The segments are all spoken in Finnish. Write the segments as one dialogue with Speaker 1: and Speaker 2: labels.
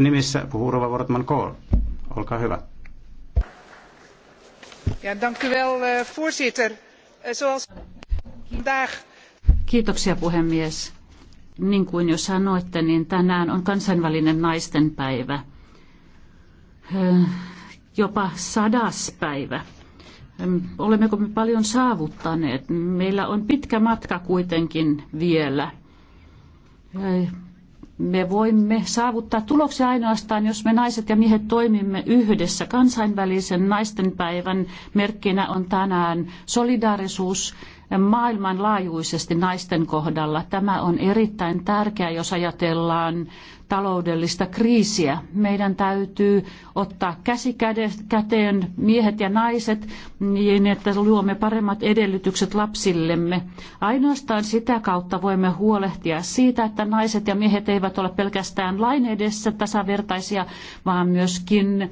Speaker 1: nimissä puhuu Rova Wortman Kool. Olkaa hyvä. Ja, dank u wel, eh, voorzitter. Eh, zoals vandaag...
Speaker 2: Kiitoksia puhemies. Niin kuin jo sanoitte, niin tänään on kansainvälinen naistenpäivä. Eh, jopa sadas päivä olemmeko me paljon saavuttaneet. Meillä on pitkä matka kuitenkin vielä. Me voimme saavuttaa tuloksia ainoastaan, jos me naiset ja miehet toimimme yhdessä. Kansainvälisen naistenpäivän merkkinä on tänään solidaarisuus maailmanlaajuisesti naisten kohdalla. Tämä on erittäin tärkeää, jos ajatellaan taloudellista kriisiä. Meidän täytyy ottaa käsi käteen miehet ja naiset niin, että luomme paremmat edellytykset lapsillemme. Ainoastaan sitä kautta voimme huolehtia siitä, että naiset ja miehet eivät ole pelkästään lain edessä tasavertaisia, vaan myöskin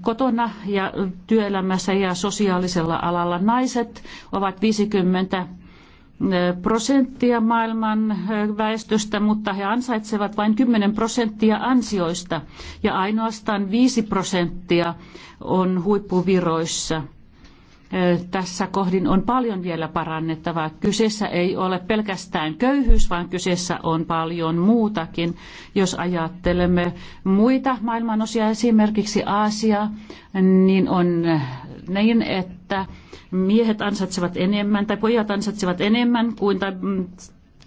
Speaker 2: kotona ja työelämässä ja sosiaalisella alalla. Naiset ovat 50 prosenttia maailman väestöstä, mutta he ansaitsevat vain 10 prosenttia ansioista ja ainoastaan 5 prosenttia on huippuviroissa – tässä kohdin on paljon vielä parannettavaa. Kyseessä ei ole pelkästään köyhyys, vaan kyseessä on paljon muutakin. Jos ajattelemme muita maailmanosia, esimerkiksi Aasiaa, niin on niin, että miehet ansaitsevat enemmän tai pojat ansaitsevat enemmän kuin tai mm,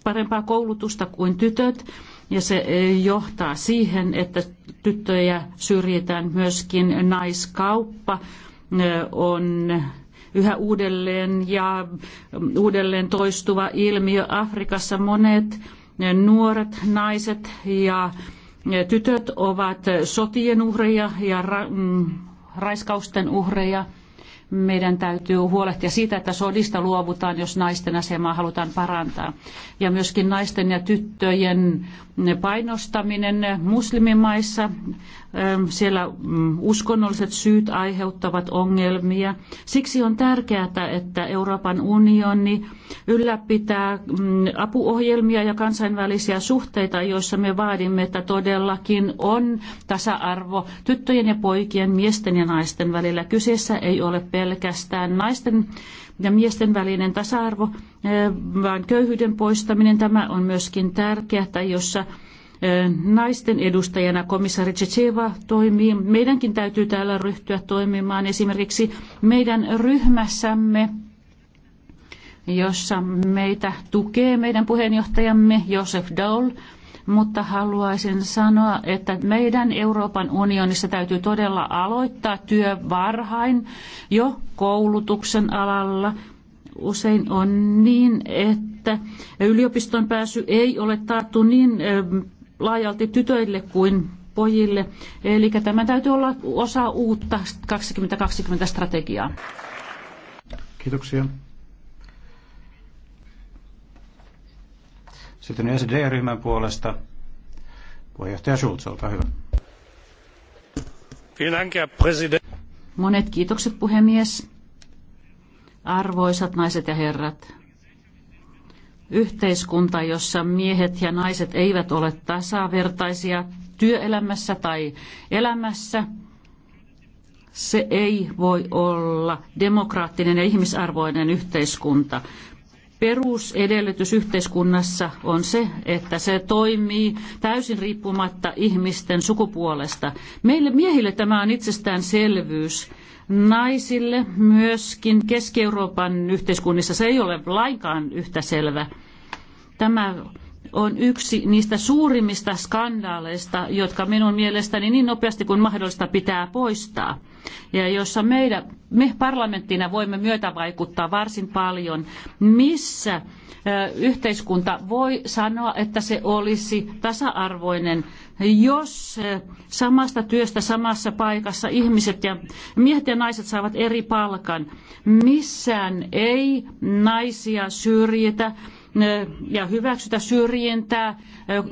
Speaker 2: parempaa koulutusta kuin tytöt. Ja se johtaa siihen, että tyttöjä syrjitään myöskin naiskauppa on yhä uudelleen ja mm, uudelleen toistuva ilmiö. Afrikassa monet eh, nuoret naiset ja eh, tytöt ovat sotien uhreja ja ra- mm, raiskausten uhreja meidän täytyy huolehtia siitä, että sodista luovutaan, jos naisten asemaa halutaan parantaa. Ja myöskin naisten ja tyttöjen painostaminen muslimimaissa, ähm, siellä mm, uskonnolliset syyt aiheuttavat ongelmia. Siksi on tärkeää, että Euroopan unioni ylläpitää mm, apuohjelmia ja kansainvälisiä suhteita, joissa me vaadimme, että todellakin on tasa-arvo tyttöjen ja poikien, miesten ja naisten välillä. Kyseessä ei ole pelkästään pelkästään naisten ja miesten välinen tasa-arvo, eh, vaan köyhyyden poistaminen. Tämä on myöskin tärkeää, jossa eh, naisten edustajana komissaari Tsetseva toimii. Meidänkin täytyy täällä ryhtyä toimimaan esimerkiksi meidän ryhmässämme jossa meitä tukee meidän puheenjohtajamme Josef Daul, mutta haluaisin sanoa, että meidän Euroopan unionissa täytyy todella aloittaa työ varhain jo koulutuksen alalla. Usein on niin, että yliopiston pääsy ei ole taattu niin laajalti tytöille kuin pojille. Eli tämä täytyy olla osa uutta 2020 strategiaa.
Speaker 1: Kiitoksia. Sitten SD-ryhmän puolesta puheenjohtaja Schulz, olkaa hyvä.
Speaker 2: Monet kiitokset puhemies. Arvoisat naiset ja herrat, yhteiskunta, jossa miehet ja naiset eivät ole tasavertaisia työelämässä tai elämässä, se ei voi olla demokraattinen ja ihmisarvoinen yhteiskunta. Perusedellytys yhteiskunnassa on se, että se toimii täysin riippumatta ihmisten sukupuolesta. Meille miehille tämä on itsestäänselvyys. Naisille myöskin Keski-Euroopan yhteiskunnissa se ei ole lainkaan yhtä selvä. Tämä on yksi niistä suurimmista skandaaleista, jotka minun mielestäni niin nopeasti kuin mahdollista pitää poistaa ja jossa meidän, me parlamenttina voimme myötävaikuttaa varsin paljon, missä yhteiskunta voi sanoa, että se olisi tasa-arvoinen, jos samasta työstä samassa paikassa ihmiset ja miehet ja naiset saavat eri palkan. Missään ei naisia syrjitä ja hyväksytä syrjintää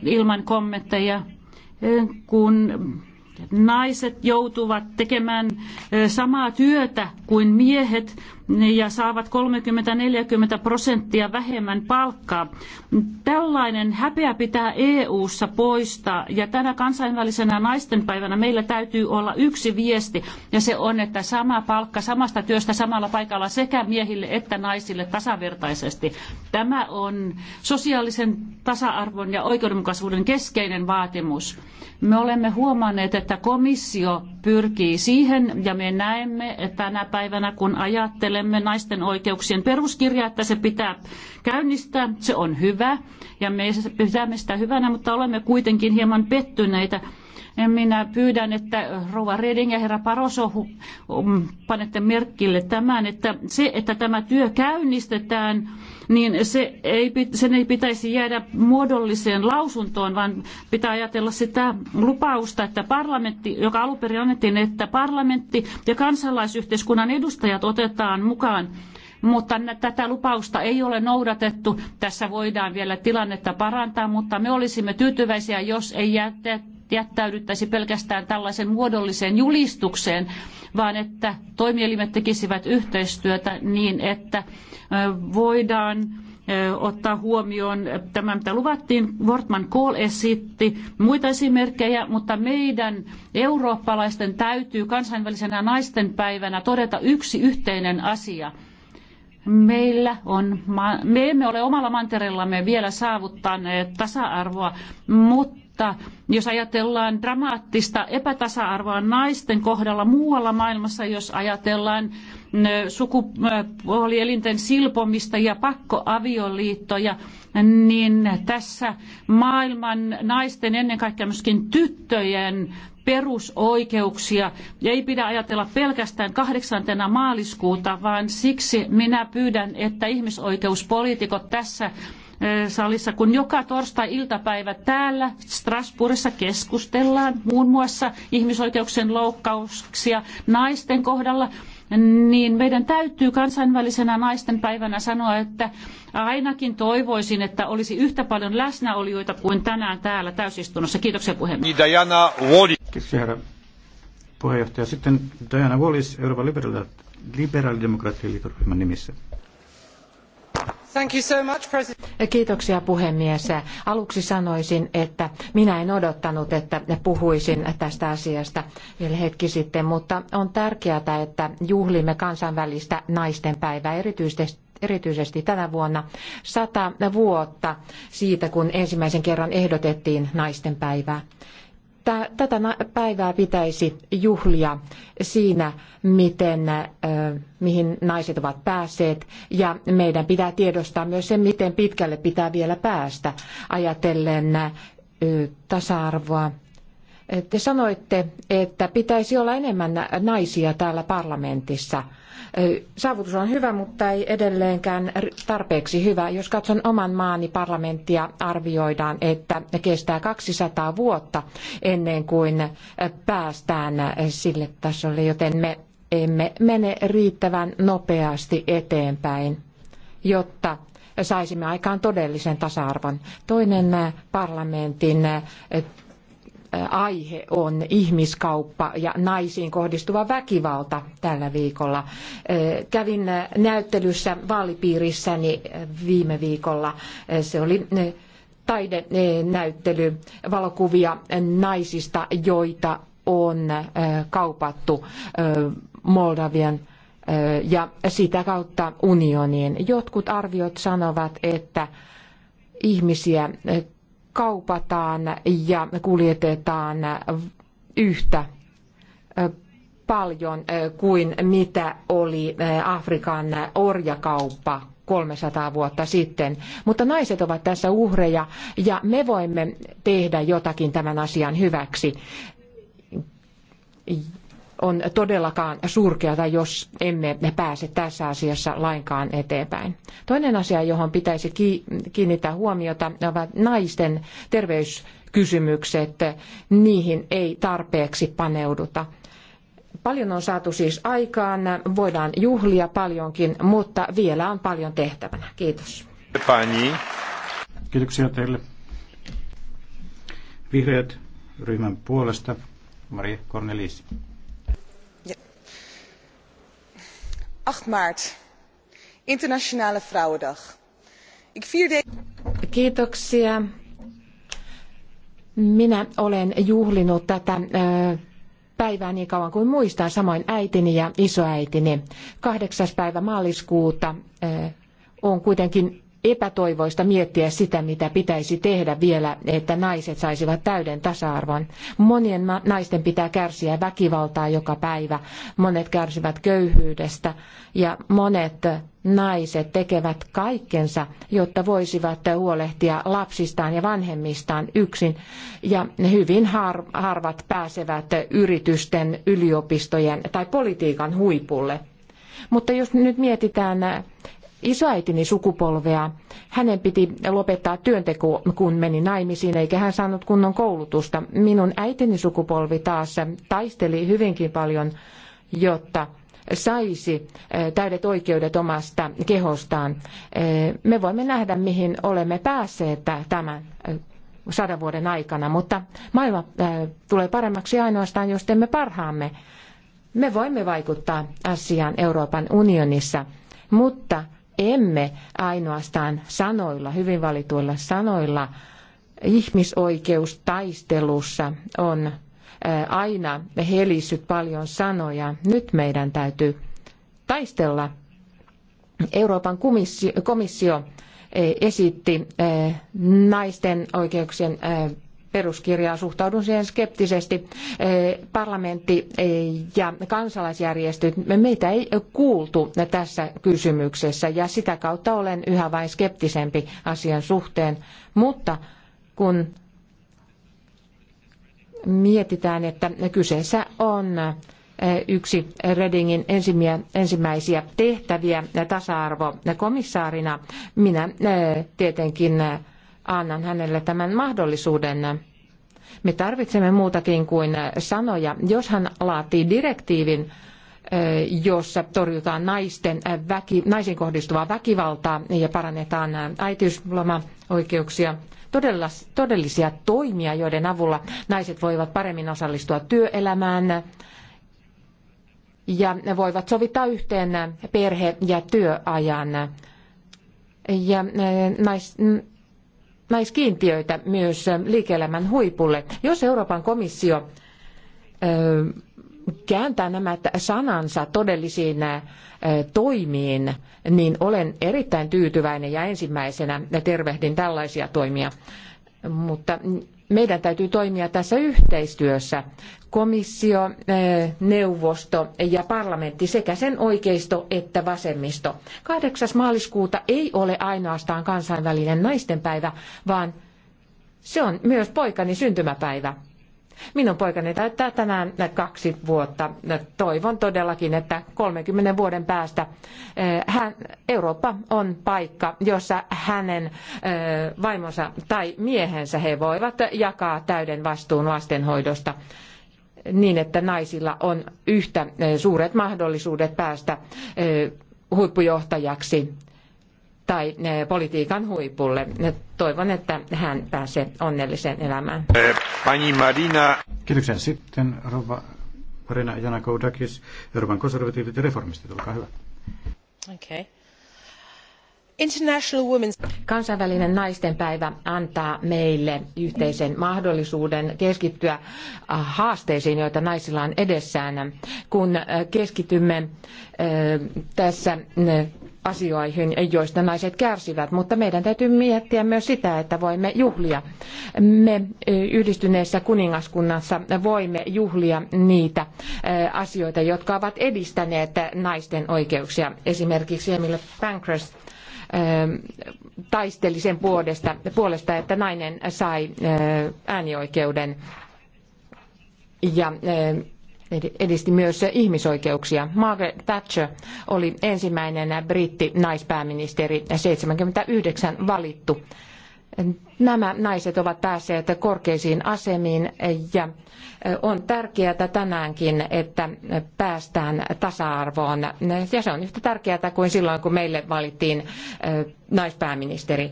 Speaker 2: ilman kommentteja, kun naiset joutuvat tekemään samaa työtä kuin miehet, ja saavat 30-40 prosenttia vähemmän palkkaa. Tällainen häpeä pitää EU-ssa poistaa ja tänä kansainvälisenä naistenpäivänä meillä täytyy olla yksi viesti ja se on, että sama palkka samasta työstä samalla paikalla sekä miehille että naisille tasavertaisesti. Tämä on sosiaalisen tasa-arvon ja oikeudenmukaisuuden keskeinen vaatimus. Me olemme huomanneet, että komissio pyrkii siihen ja me näemme että tänä päivänä kun ajattelemme valmistelemme naisten oikeuksien peruskirjaa, että se pitää käynnistää. Se on hyvä ja me pitämme sitä hyvänä, mutta olemme kuitenkin hieman pettyneitä minä pyydän, että rouva Reding ja herra Paroso um, panette merkille tämän, että se, että tämä työ käynnistetään, niin se ei, sen ei pitäisi jäädä muodolliseen lausuntoon, vaan pitää ajatella sitä lupausta, että parlamentti, joka alun perin annettiin, että parlamentti ja kansalaisyhteiskunnan edustajat otetaan mukaan mutta tätä lupausta ei ole noudatettu. Tässä voidaan vielä tilannetta parantaa, mutta me olisimme tyytyväisiä, jos ei jätetä jättäydyttäisi pelkästään tällaisen muodolliseen julistukseen, vaan että toimielimet tekisivät yhteistyötä niin, että voidaan ottaa huomioon tämä, mitä luvattiin. Wortman Kohl esitti muita esimerkkejä, mutta meidän eurooppalaisten täytyy kansainvälisenä naistenpäivänä todeta yksi yhteinen asia. Meillä on, me emme ole omalla mantereellamme vielä saavuttaneet tasa-arvoa, mutta mutta jos ajatellaan dramaattista epätasa-arvoa naisten kohdalla muualla maailmassa, jos ajatellaan sukupuolielinten silpomista ja pakkoavioliittoja, niin tässä maailman naisten, ennen kaikkea myöskin tyttöjen perusoikeuksia. Ja ei pidä ajatella pelkästään 8. maaliskuuta, vaan siksi minä pyydän, että ihmisoikeuspoliitikot tässä salissa, kun joka torstai-iltapäivä täällä Strasbourgissa keskustellaan muun muassa ihmisoikeuksien loukkauksia naisten kohdalla, niin meidän täytyy kansainvälisenä naisten päivänä sanoa, että ainakin toivoisin, että olisi yhtä paljon läsnäolijoita kuin tänään täällä täysistunnossa. Kiitoksia puhemies.
Speaker 1: Niin, Diana Wallis. herra puheenjohtaja. Sitten Diana Wallis, Euroopan liberaalidemokraattien nimissä.
Speaker 3: Kiitoksia puhemies. Aluksi sanoisin, että minä en odottanut, että puhuisin tästä asiasta vielä hetki sitten, mutta on tärkeää, että juhlimme kansainvälistä naistenpäivää erityisesti erityisesti tänä vuonna sata vuotta siitä, kun ensimmäisen kerran ehdotettiin naistenpäivää tätä päivää pitäisi juhlia siinä, miten, mihin naiset ovat päässeet. Ja meidän pitää tiedostaa myös se, miten pitkälle pitää vielä päästä ajatellen tasa-arvoa. Te sanoitte, että pitäisi olla enemmän naisia täällä parlamentissa – Saavutus on hyvä, mutta ei edelleenkään tarpeeksi hyvä. Jos katson oman maani parlamenttia, arvioidaan, että kestää 200 vuotta ennen kuin päästään sille tasolle, joten me emme mene riittävän nopeasti eteenpäin, jotta saisimme aikaan todellisen tasa-arvon. Toinen parlamentin aihe on ihmiskauppa ja naisiin kohdistuva väkivalta tällä viikolla. Kävin näyttelyssä vaalipiirissäni viime viikolla. Se oli taidenäyttely, valokuvia naisista, joita on kaupattu Moldavian ja sitä kautta unioniin. Jotkut arviot sanovat, että ihmisiä kaupataan ja kuljetetaan yhtä paljon kuin mitä oli Afrikan orjakauppa 300 vuotta sitten. Mutta naiset ovat tässä uhreja ja me voimme tehdä jotakin tämän asian hyväksi on todellakaan surkeata, jos emme pääse tässä asiassa lainkaan eteenpäin. Toinen asia, johon pitäisi kiinnittää huomiota, ovat naisten terveyskysymykset. Niihin ei tarpeeksi paneuduta. Paljon on saatu siis aikaan, voidaan juhlia paljonkin, mutta vielä on paljon tehtävänä. Kiitos.
Speaker 1: Pani. Kiitoksia teille. Vihreät ryhmän puolesta Maria Cornelis.
Speaker 3: acht maart internationale vrouwendag. ik vier deze. Kiitoksia. Minä olen juhlinut tätä päivää niin kauan kuin muistan, samoin äitini ja isoäitini. Kahdeksas päivä maaliskuuta on kuitenkin epätoivoista miettiä sitä, mitä pitäisi tehdä vielä, että naiset saisivat täyden tasa-arvon. Monien naisten pitää kärsiä väkivaltaa joka päivä. Monet kärsivät köyhyydestä ja monet naiset tekevät kaikkensa, jotta voisivat huolehtia lapsistaan ja vanhemmistaan yksin. Ja hyvin harvat pääsevät yritysten, yliopistojen tai politiikan huipulle. Mutta jos nyt mietitään isoäitini sukupolvea. Hänen piti lopettaa työnteko, kun meni naimisiin, eikä hän saanut kunnon koulutusta. Minun äitini sukupolvi taas taisteli hyvinkin paljon, jotta saisi eh, täydet oikeudet omasta kehostaan. Eh, me voimme nähdä, mihin olemme päässeet tämän eh, sadan vuoden aikana, mutta maailma tulee paremmaksi ainoastaan, jos teemme parhaamme. Me voimme vaikuttaa asiaan Euroopan unionissa, mutta emme ainoastaan sanoilla, hyvin valituilla sanoilla, ihmisoikeustaistelussa on aina helissyt paljon sanoja. Nyt meidän täytyy taistella. Euroopan komissio esitti naisten oikeuksien peruskirjaan suhtaudun siihen skeptisesti. E, parlamentti e, ja kansalaisjärjestöt, meitä ei kuultu tässä kysymyksessä ja sitä kautta olen yhä vain skeptisempi asian suhteen. Mutta kun mietitään, että kyseessä on e, yksi Redingin ensimmäisiä tehtäviä tasa-arvokomissaarina. Minä tietenkin annan hänelle tämän mahdollisuuden. Me tarvitsemme muutakin kuin sanoja. Jos hän laatii direktiivin, jossa torjutaan naisten väki, naisiin kohdistuvaa väkivaltaa ja parannetaan äitiyslomaoikeuksia, oikeuksia todellisia toimia, joiden avulla naiset voivat paremmin osallistua työelämään ja voivat sovittaa yhteen perhe- ja työajan. Ja nais, naiskiintiöitä myös liike-elämän huipulle. Jos Euroopan komissio kääntää nämä sanansa todellisiin toimiin, niin olen erittäin tyytyväinen ja ensimmäisenä tervehdin tällaisia toimia mutta meidän täytyy toimia tässä yhteistyössä. Komissio, eh, neuvosto ja parlamentti sekä sen oikeisto että vasemmisto. 8. maaliskuuta ei ole ainoastaan kansainvälinen naistenpäivä, vaan se on myös poikani syntymäpäivä. Minun poikani täyttää tänään kaksi vuotta. Toivon todellakin, että 30 vuoden päästä eh, hän, Eurooppa on paikka, jossa hänen eh, vaimonsa tai miehensä he voivat jakaa täyden vastuun lastenhoidosta niin, että naisilla on yhtä eh, suuret mahdollisuudet päästä huippujohtajaksi tai eh, politiikan huipulle. Toivon, että hän pääsee onnelliseen elämään.
Speaker 1: Eh, pani Marina. Kiitoksia. Sitten rouva Marina Janakoudakis, Euroopan konservatiivit ja reformistit, olkaa hyvä.
Speaker 2: Okay.
Speaker 3: International Women's... Kansainvälinen naistenpäivä antaa meille yhteisen mahdollisuuden keskittyä äh, haasteisiin, joita naisilla on edessään. Kun äh, keskitymme äh, tässä asioihin, joista naiset kärsivät, mutta meidän täytyy miettiä myös sitä, että voimme juhlia. Me yhdistyneessä kuningaskunnassa voimme juhlia niitä asioita, jotka ovat edistäneet naisten oikeuksia. Esimerkiksi Emily Pankhurst taisteli sen puolesta, puolesta, että nainen sai äänioikeuden ja edisti myös ihmisoikeuksia. Margaret Thatcher oli ensimmäinen britti naispääministeri 79 valittu. Nämä naiset ovat päässeet korkeisiin asemiin ja on tärkeää tänäänkin, että päästään tasa-arvoon. Ja se on yhtä tärkeää kuin silloin, kun meille valittiin eh, naispääministeri.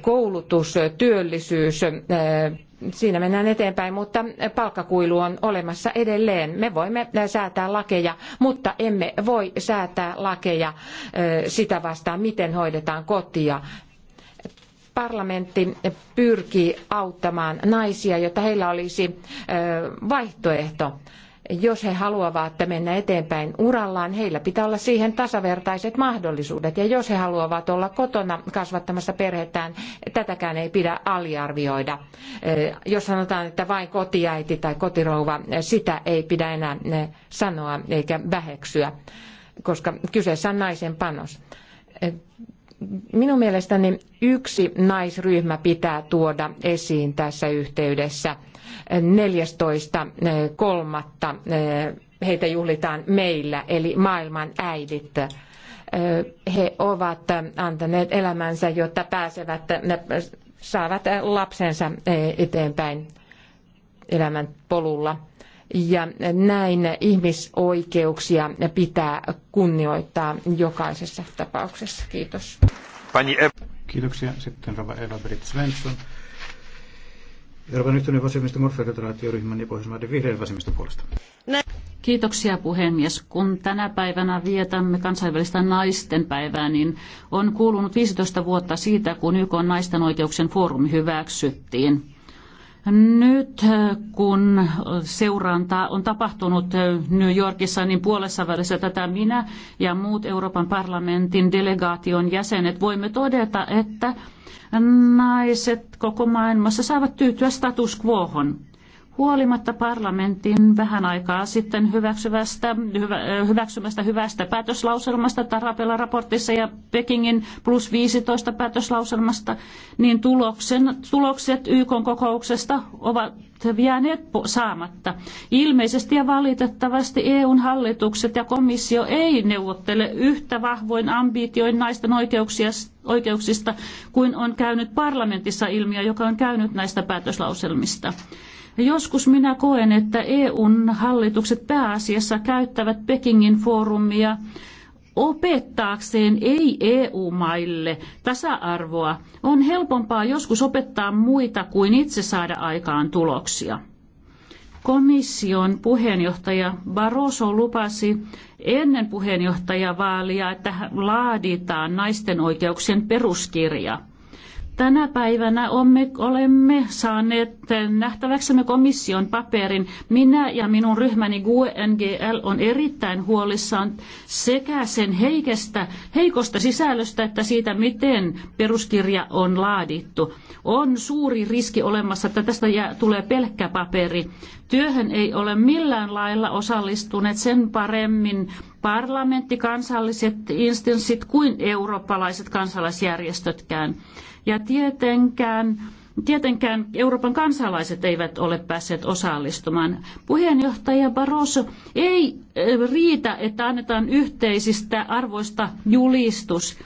Speaker 3: Koulutus, työllisyys, eh, siinä mennään eteenpäin, mutta palkkakuilu on olemassa edelleen. Me voimme säätää lakeja, mutta emme voi säätää lakeja sitä vastaan, miten hoidetaan kotia. Parlamentti pyrkii auttamaan naisia, jotta heillä olisi vaihtoehto jos he haluavat mennä eteenpäin urallaan, heillä pitää olla siihen tasavertaiset mahdollisuudet. Ja jos he haluavat olla kotona kasvattamassa perhettään, tätäkään ei pidä aliarvioida. Jos sanotaan, että vain kotiäiti tai kotirouva, sitä ei pidä enää sanoa eikä väheksyä, koska kyseessä on naisen panos Minun mielestäni yksi naisryhmä pitää tuoda esiin tässä yhteydessä. 14.3. Eh, heitä juhlitaan meillä, eli maailman äidit. Eh, he ovat antaneet elämänsä, jotta pääsevät, saavat lapsensa eh, eteenpäin elämän polulla ja näin ihmisoikeuksia pitää kunnioittaa jokaisessa tapauksessa. Kiitos.
Speaker 1: Kiitoksia. Sitten Rova Eva Britt Svensson. Euroopan yhteinen vasemmista morfefederaatioryhmän ja Pohjoismaiden vihreän vasemmista puolesta.
Speaker 2: Kiitoksia puhemies. Kun tänä päivänä vietämme kansainvälistä naistenpäivää, niin on kuulunut 15 vuotta siitä, kun YK naisten oikeuksien foorumi hyväksyttiin. Nyt äh, kun seuranta on tapahtunut äh, New Yorkissa, niin puolessa välissä tätä minä ja muut Euroopan parlamentin delegaation jäsenet voimme todeta, että naiset koko maailmassa saavat tyytyä status quohon. Huolimatta parlamentin vähän aikaa sitten hyväksyvästä, hyvä, hyväksymästä hyvästä päätöslauselmasta Tarapella raportissa ja Pekingin plus 15 päätöslauselmasta, niin tuloksen, tulokset YK kokouksesta ovat jääneet saamatta. Ilmeisesti ja valitettavasti EUn hallitukset ja komissio ei neuvottele yhtä vahvoin ambitioin naisten oikeuksista kuin on käynyt parlamentissa ilmiö, joka on käynyt näistä päätöslauselmista. Ja joskus minä koen, että EUn hallitukset pääasiassa käyttävät Pekingin foorumia opettaakseen ei-EU-maille tasa-arvoa. On helpompaa joskus opettaa muita kuin itse saada aikaan tuloksia komission puheenjohtaja Barroso lupasi ennen puheenjohtajavaalia, että laaditaan naisten oikeuksien peruskirja. Tänä päivänä olemme, olemme saaneet nähtäväksemme komission paperin. Minä ja minun ryhmäni GUE-NGL on erittäin huolissaan sekä sen heikestä, heikosta sisällöstä että siitä, miten peruskirja on laadittu. On suuri riski olemassa, että tästä jää, tulee pelkkä paperi. Työhön ei ole millään lailla osallistuneet sen paremmin parlamentti, kansalliset instanssit kuin eurooppalaiset kansalaisjärjestötkään. Ja tietenkään Tietenkään Euroopan kansalaiset eivät ole päässeet osallistumaan. Puheenjohtaja Barroso, ei eh, riitä, että annetaan yhteisistä arvoista julistus.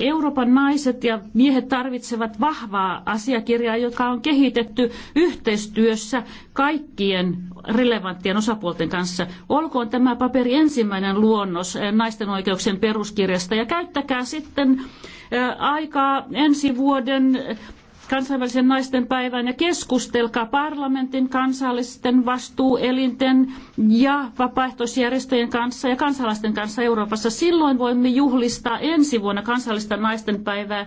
Speaker 2: Euroopan naiset ja miehet tarvitsevat vahvaa asiakirjaa, joka on kehitetty yhteistyössä kaikkien relevanttien osapuolten kanssa. Olkoon tämä paperi ensimmäinen luonnos eh, naisten oikeuksien peruskirjasta ja käyttäkää sitten eh, aikaa ensi vuoden kansainvälisen naisten päivään ja keskustelkaa parlamentin, kansallisten vastuuelinten ja vapaaehtoisjärjestöjen kanssa ja kansalaisten kanssa Euroopassa. Silloin voimme juhlistaa ensi vuonna kansallista naisten päivää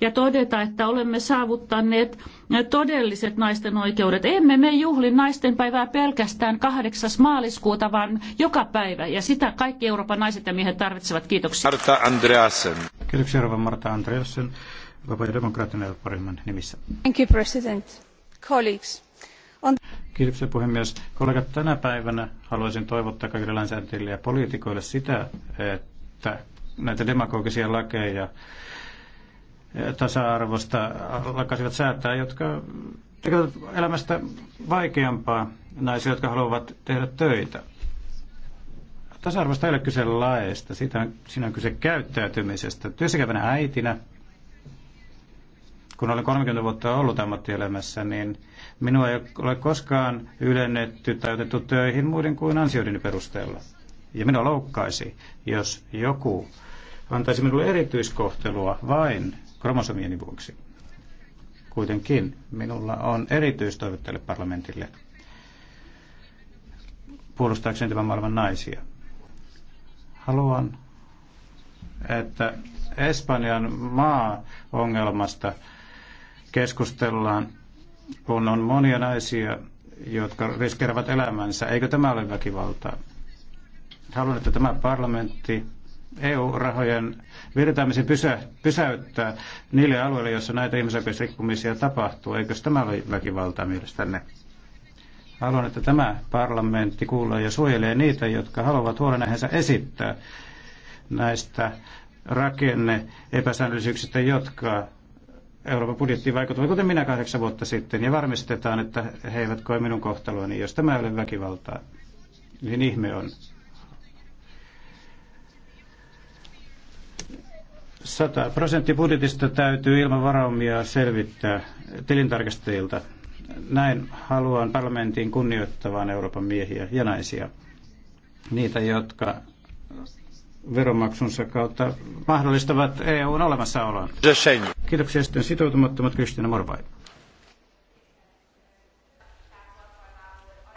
Speaker 2: ja todeta, että olemme saavuttaneet todelliset naisten oikeudet. Emme me juhli naisten päivää pelkästään 8. maaliskuuta, vaan joka päivä. Ja sitä kaikki Euroopan naiset ja miehet tarvitsevat.
Speaker 1: Kiitoksia. Marta Andreasen. Kiitoksia, Marta Andreasen vapaa- ja demokraattinen ryhmän nimissä.
Speaker 2: Thank you, President. Colleagues. On...
Speaker 1: Kiitoksia puhemies. Kollegat, tänä päivänä haluaisin toivottaa kaikille lainsäätäjille ja poliitikoille sitä, että näitä demagogisia lakeja eh, tasa-arvosta lakkaisivat säätää, jotka tekevät elämästä vaikeampaa naisille, jotka haluavat tehdä töitä. Tasa-arvosta ei ole kyse laeista, siinä on kyse käyttäytymisestä. Työssäkävänä äitinä kun olen 30 vuotta ollut ammattielämässä, niin minua ei ole koskaan ylennetty tai otettu töihin muiden kuin ansioiden perusteella. Ja minua loukkaisi, jos joku antaisi minulle erityiskohtelua vain kromosomieni vuoksi. Kuitenkin minulla on erityistoive tälle parlamentille puolustaakseni tämän maailman naisia. Haluan, että Espanjan maa-ongelmasta keskustellaan, kun on monia naisia, jotka riskeerävät elämänsä. Eikö tämä ole väkivaltaa? Haluan, että tämä parlamentti EU-rahojen virtaamisen pysä, pysäyttää niille alueille, joissa näitä ihmisoikeusrikkomisia tapahtuu. Eikö tämä ole väkivaltaa mielestänne? Haluan, että tämä parlamentti kuulee ja suojelee niitä, jotka haluavat huolenaiheensa esittää näistä rakenne epäsäännöllisyyksistä, jotka Euroopan budjettiin vaikuttamaan, kuten minä kahdeksan vuotta sitten, ja varmistetaan, että he eivät koe minun kohtaloani, jos tämä ei ole väkivaltaa. Niin ihme on. Sata prosentti budjetista täytyy ilman varaumia selvittää tilintarkastajilta. Näin haluan parlamentin kunnioittavan Euroopan miehiä ja naisia. Niitä, jotka veronmaksunsa kautta mahdollistavat EUn olemassaolon. Kiitoksia sitten sitoutumattomat Kristina Morvai.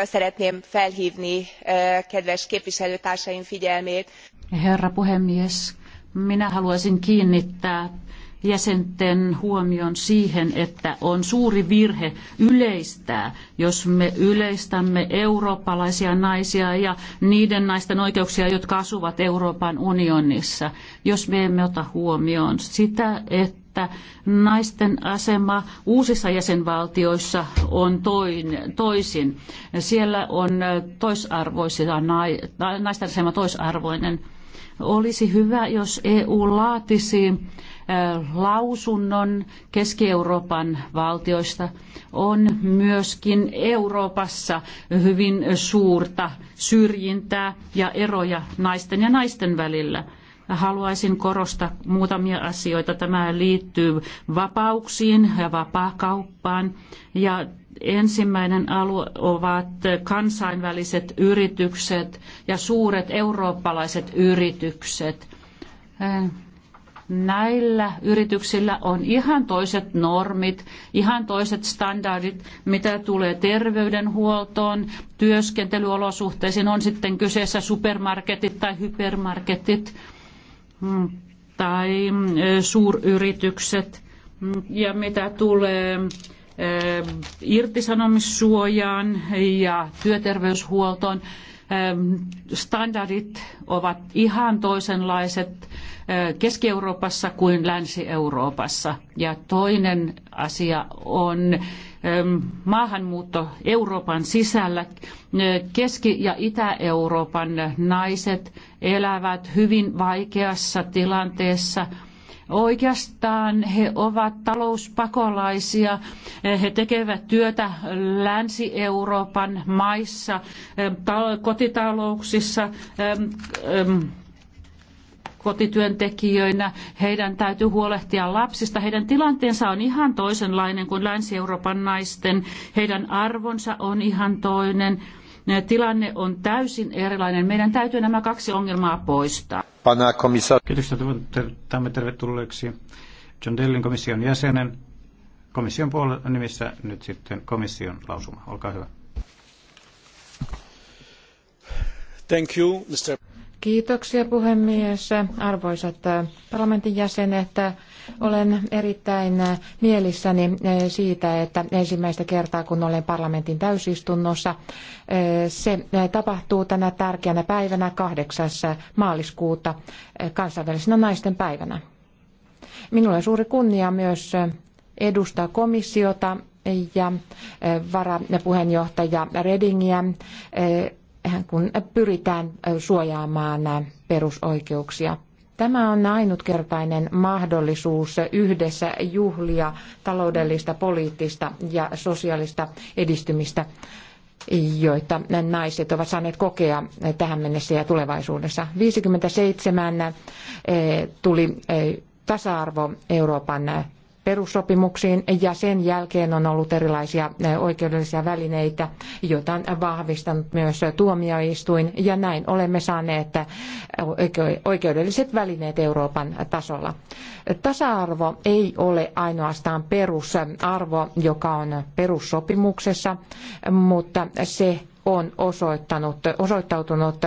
Speaker 3: Szeretném felhívni eh, kedves képviselőtársaim figyelmét.
Speaker 1: Herra puhemies,
Speaker 2: minä haluaisin kiinnittää jäsenten huomion siihen, että on suuri virhe yleistää, jos me yleistämme eurooppalaisia naisia ja niiden naisten oikeuksia, jotka asuvat Euroopan unionissa, jos me emme ota huomioon sitä, että naisten asema uusissa jäsenvaltioissa on toisin. Siellä on toisarvoisia, naisten asema toisarvoinen. Olisi hyvä, jos EU laatisi äh, lausunnon Keski-Euroopan valtioista. On myöskin Euroopassa hyvin suurta syrjintää ja eroja naisten ja naisten välillä haluaisin korostaa muutamia asioita. Tämä liittyy vapauksiin ja vapaakauppaan ja ensimmäinen alue ovat kansainväliset yritykset ja suuret eurooppalaiset yritykset. Näillä yrityksillä on ihan toiset normit, ihan toiset standardit, mitä tulee terveydenhuoltoon, työskentelyolosuhteisiin, on sitten kyseessä supermarketit tai hypermarketit. Mm, tai mm, e, suuryritykset. Mm, ja mitä tulee e, irtisanomissuojaan ja työterveyshuoltoon, e, standardit ovat ihan toisenlaiset Keski-Euroopassa kuin Länsi-Euroopassa. Ja toinen asia on maahanmuutto Euroopan sisällä. Keski- ja Itä-Euroopan naiset elävät hyvin vaikeassa tilanteessa. Oikeastaan he ovat talouspakolaisia. He tekevät työtä Länsi-Euroopan maissa, kotitalouksissa, kotityöntekijöinä, heidän täytyy huolehtia lapsista. Heidän tilanteensa on ihan toisenlainen kuin Länsi-Euroopan naisten. Heidän arvonsa on ihan toinen. Tilanne on täysin erilainen. Meidän täytyy nämä kaksi ongelmaa
Speaker 1: poistaa. Pana komissar... Kiitos, toivotamme tervetulleeksi John Dellin komission jäsenen. Komission puolen nimissä nyt sitten komission lausuma. Olkaa hyvä. Thank you, Mr.
Speaker 3: Kiitoksia puhemies. Arvoisat äh, parlamentin jäsenet, äh, olen erittäin äh, mielissäni siitä, että ensimmäistä kertaa kun olen parlamentin täysistunnossa, se tapahtuu tänä tärkeänä päivänä 8. maaliskuuta kansainvälisenä naisten päivänä. Minulla on suuri kunnia myös edustaa komissiota ja varapuheenjohtaja Redingiä Äh, kun pyritään äh, suojaamaan äh, perusoikeuksia. Tämä on ainutkertainen mahdollisuus yhdessä juhlia taloudellista, poliittista ja sosiaalista edistymistä, joita naiset ovat saaneet kokea tähän mennessä ja tulevaisuudessa. 57 tuli tasa-arvo Euroopan perussopimuksiin ja sen jälkeen on ollut erilaisia eh, oikeudellisia välineitä, joita on vahvistanut myös tuomioistuin ja näin olemme saaneet eh, oikeudelliset välineet Euroopan tasolla. Tasa-arvo ei ole ainoastaan perusarvo, joka on perussopimuksessa, mutta se on osoittanut, osoittautunut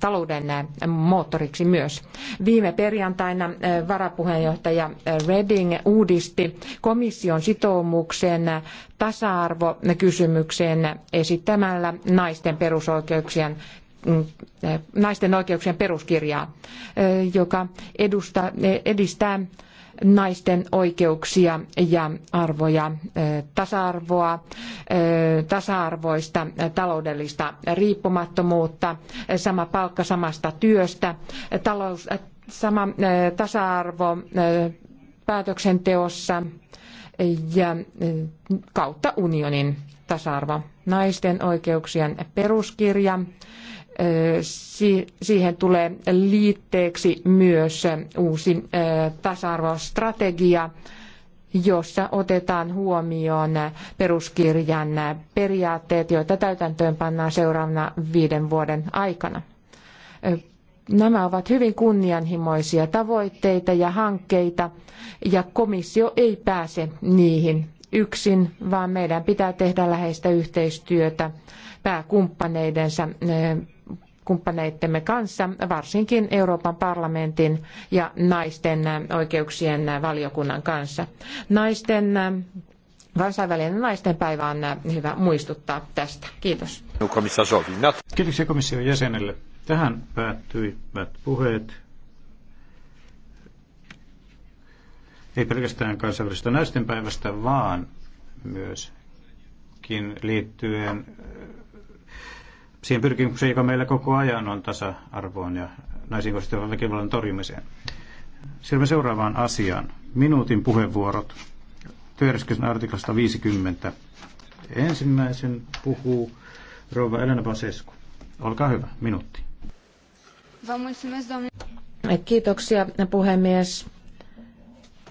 Speaker 3: talouden moottoriksi myös. Viime perjantaina varapuheenjohtaja Reding uudisti komission sitoumuksen tasa-arvokysymykseen esittämällä naisten perusoikeuksien mm, naisten oikeuksien peruskirjaa, joka edustaa, edistää naisten oikeuksia ja arvoja, tasa-arvoa, tasa-arvoista taloudellista riippumattomuutta, sama palkka samasta työstä, talous, sama tasa-arvo päätöksenteossa ja kautta unionin tasa-arvo naisten oikeuksien peruskirja Siihen tulee liitteeksi myös uusi tasa-arvostrategia, jossa otetaan huomioon peruskirjan periaatteet, joita täytäntöön pannaan seuraavana viiden vuoden aikana. Nämä ovat hyvin kunnianhimoisia tavoitteita ja hankkeita, ja komissio ei pääse niihin yksin, vaan meidän pitää tehdä läheistä yhteistyötä pääkumppaneidensa kumppaneittemme kanssa, varsinkin Euroopan parlamentin ja naisten oikeuksien valiokunnan kanssa. Naisten Kansainvälinen naisten päivä on hyvä muistuttaa tästä. Kiitos.
Speaker 1: Kiitoksia komission jäsenelle. Tähän päättyivät puheet. Ei pelkästään kansainvälisestä naisten päivästä, vaan myöskin liittyen siihen pyrkimykseen, joka meillä koko ajan on tasa-arvoon ja naisiin kohdistuvan väkivallan torjumiseen. Siirrymme seuraavaan asiaan. Minuutin puheenvuorot. Työjärjestyksen artiklasta 50. Ensimmäisen puhuu rouva Elena Basescu. Olkaa hyvä, minuutti.
Speaker 3: Kiitoksia puhemies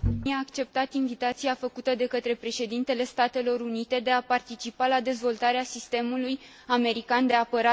Speaker 3: românia a acceptat invitaia făcută de
Speaker 2: către preedintele statelor unite de a participa la dezvoltarea sistemului american de apărare